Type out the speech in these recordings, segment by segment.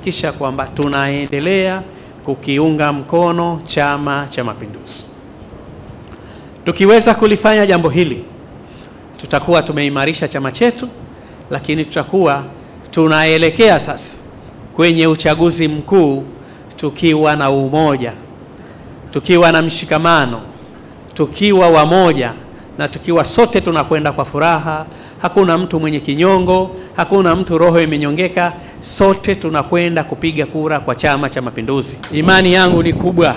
kuhakikisha kwamba tunaendelea kukiunga mkono Chama cha Mapinduzi. Tukiweza kulifanya jambo hili, tutakuwa tumeimarisha chama chetu, lakini tutakuwa tunaelekea sasa kwenye uchaguzi mkuu tukiwa na umoja, tukiwa na mshikamano, tukiwa wamoja na tukiwa sote tunakwenda kwa furaha. Hakuna mtu mwenye kinyongo, hakuna mtu roho imenyongeka sote tunakwenda kupiga kura kwa Chama cha Mapinduzi. Imani yangu ni kubwa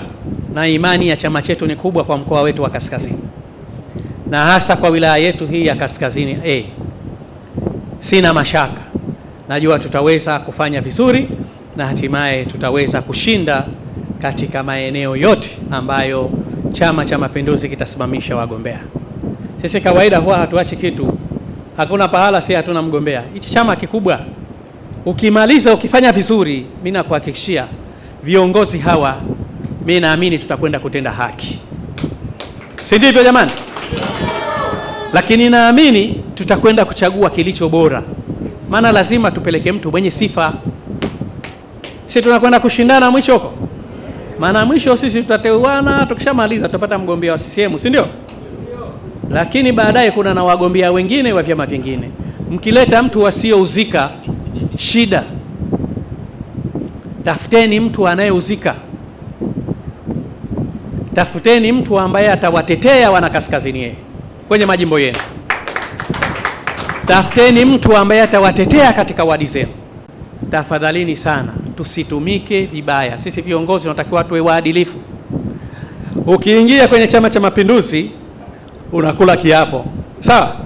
na imani ya chama chetu ni kubwa kwa mkoa wetu wa Kaskazini na hasa kwa wilaya yetu hii ya Kaskazini A. Sina mashaka, najua tutaweza kufanya vizuri na hatimaye tutaweza kushinda katika maeneo yote ambayo Chama cha Mapinduzi kitasimamisha wagombea. Sisi kawaida huwa hatuachi kitu, hakuna pahala si hatuna mgombea. Hichi chama kikubwa Ukimaliza, ukifanya vizuri, mi nakuhakikishia viongozi hawa, mi naamini tutakwenda kutenda haki, si ndivyo jamani? Lakini naamini tutakwenda kuchagua kilicho bora, maana lazima tupeleke mtu mwenye sifa, si tunakwenda kushindana mwisho huko? Maana mwisho sisi tutateuana, tukishamaliza tutapata mgombea wa CCM, si ndio? Lakini baadaye kuna na wagombea wengine wa vyama vingine, mkileta mtu wasiouzika shida. Tafuteni mtu anayeuzika, tafuteni mtu ambaye atawatetea wana kaskazini kwenye majimbo yenu, tafuteni mtu ambaye atawatetea katika wadi zenu. Tafadhalini sana, tusitumike vibaya. Sisi viongozi tunatakiwa tuwe waadilifu. Ukiingia kwenye Chama cha Mapinduzi unakula kiapo, sawa?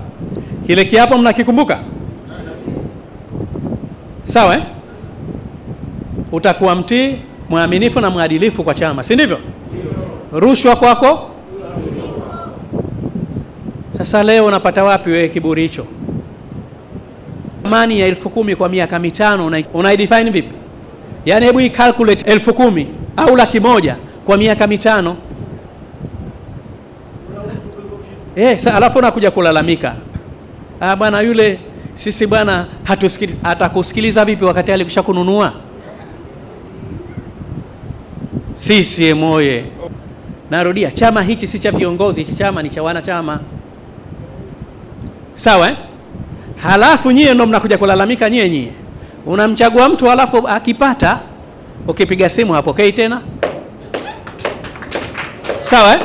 Kile kiapo mnakikumbuka? Sawa eh? Utakuwa mtii, mwaminifu na mwadilifu kwa chama, si ndivyo? Rushwa kwako. Sasa leo unapata wapi wewe kiburi hicho? Thamani ya elfu kumi kwa miaka mitano unaidefine vipi? Yaani hebu i calculate elfu kumi au laki moja kwa miaka mitano eh, alafu unakuja kulalamika, ah bwana yule sisi bwana, Atakusikiliza vipi wakati alikusha kununua? CCM oye! Narudia, chama hichi si cha viongozi, hichi chama ni cha wanachama, sawa eh? Halafu nyie ndo mnakuja kulalamika nyie nyie, unamchagua mtu halafu akipata ukipiga simu hapokei tena, sawa eh?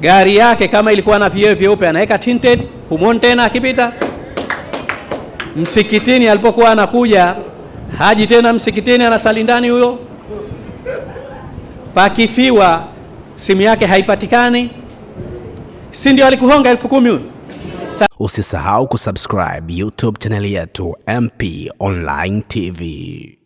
Gari yake kama ilikuwa na vioo vyeupe anaweka tinted, humwoni tena akipita msikitini alipokuwa anakuja haji tena msikitini, anasali ndani huyo, pakifiwa simu yake haipatikani, si ndio? Alikuhonga elfu kumi huyo. Usisahau kusubscribe YouTube chaneli yetu MP Online TV.